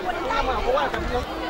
我来，我来。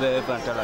very pas don't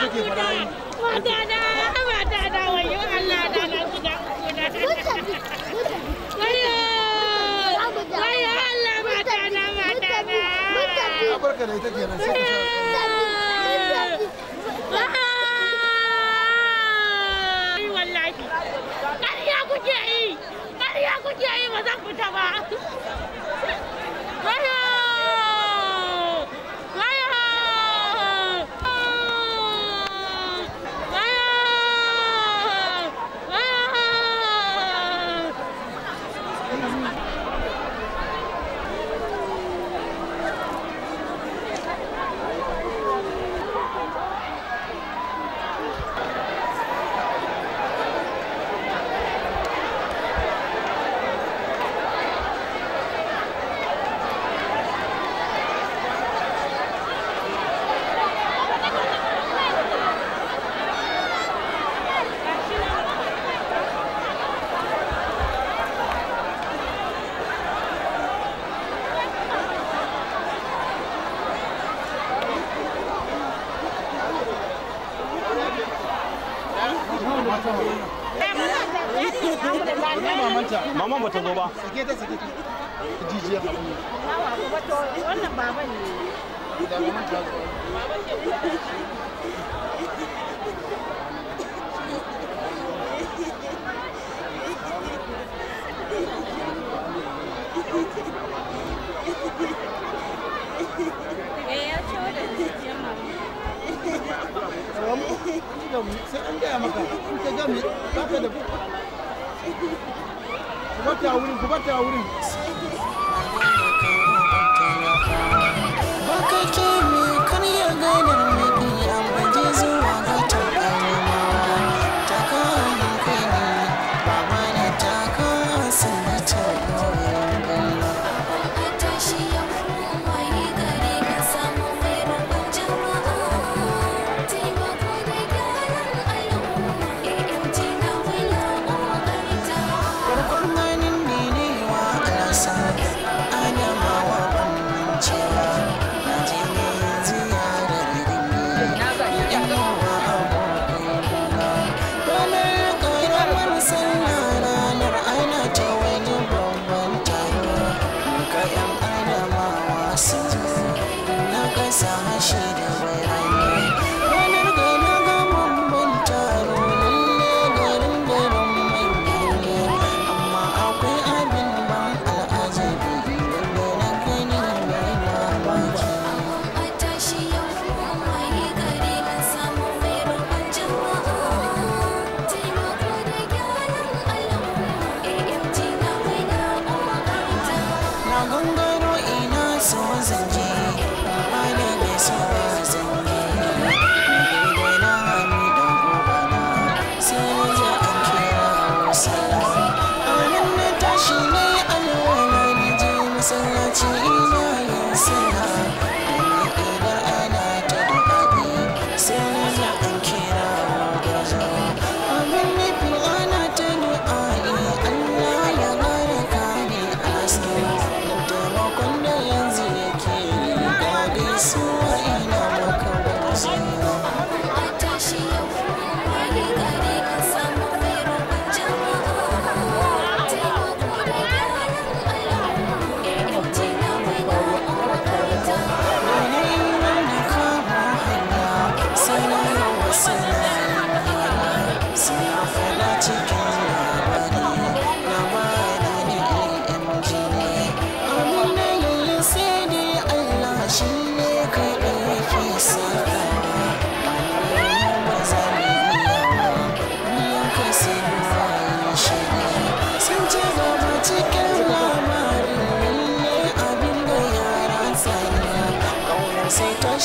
take fara yi mata wayo Allah da na guda uku na wayo wayo Allah mata na mata da ita kenan sai wallahi ƙarya kuke yi ƙarya kuke yi ba zan fita ba wayo kuma ba ta sake ta jijiya wannan baba ne sai an gaya maka in What we? What are we?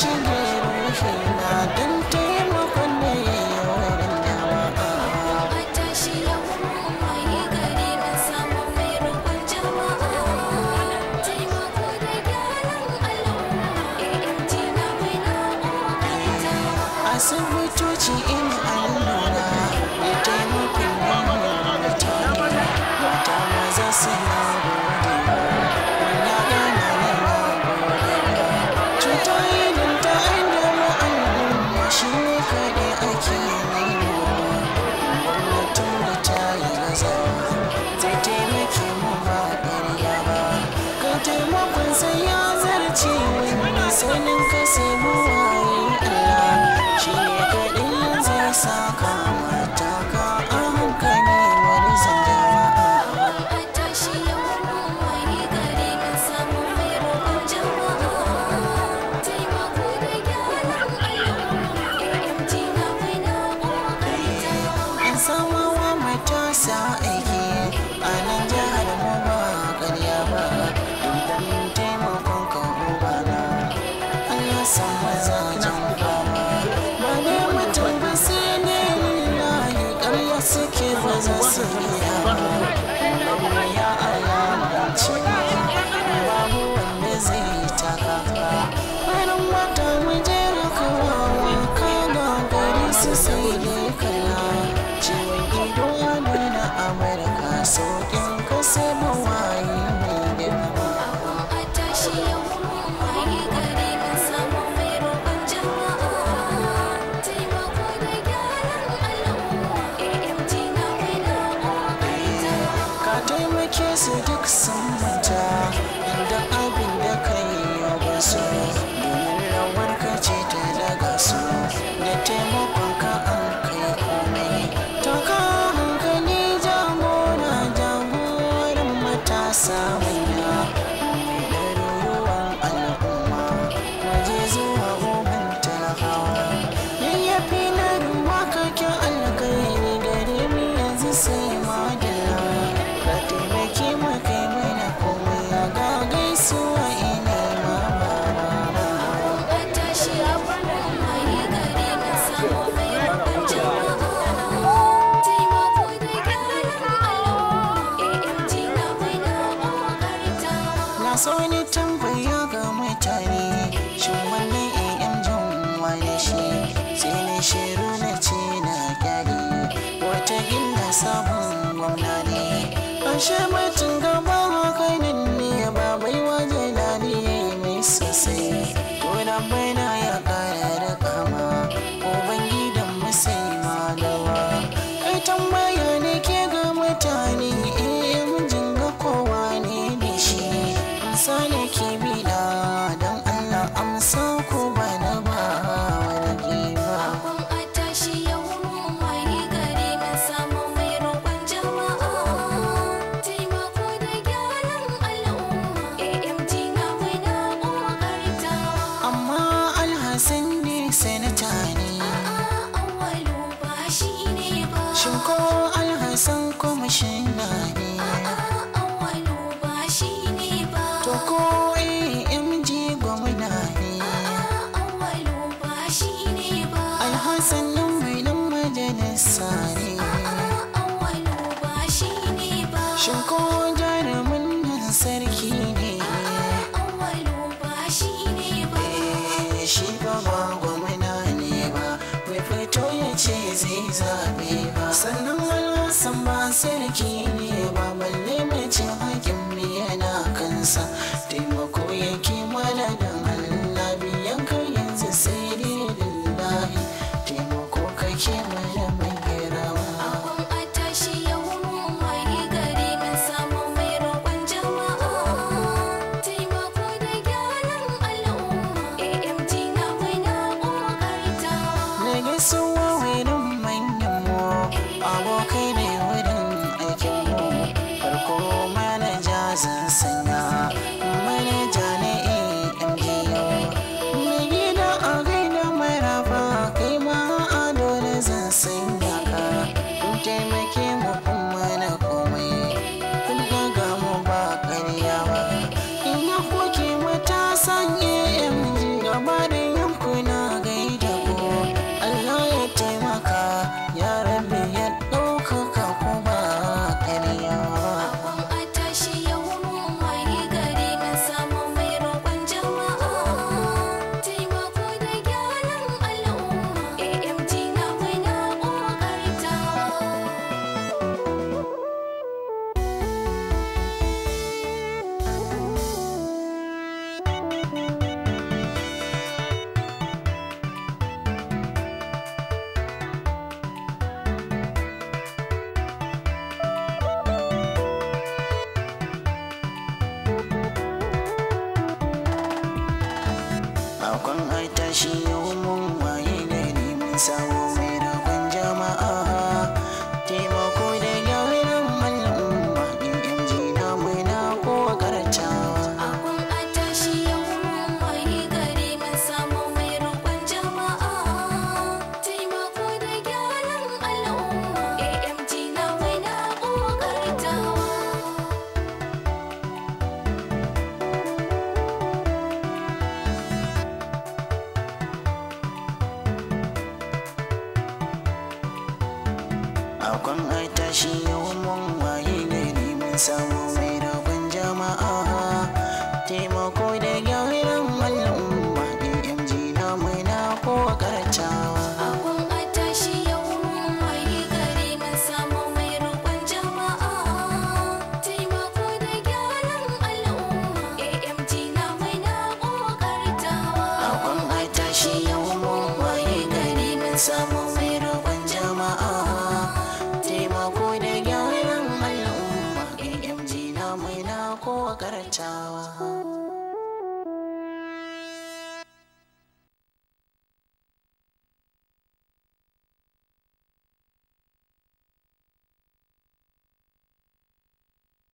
watching. was a ṣe rasa ne shin ko jarumin nan sarki ne eh, shi ba ba gwamna ne ba bai fito ya ce zai zaɓe ba sannan alhassan ba sarki ne ba balle mace hakin yana kansa taimako yake maladan akwai aita shi yau mun waye ni mun samu Akwai ai tashi yawan mun waye ne mun samu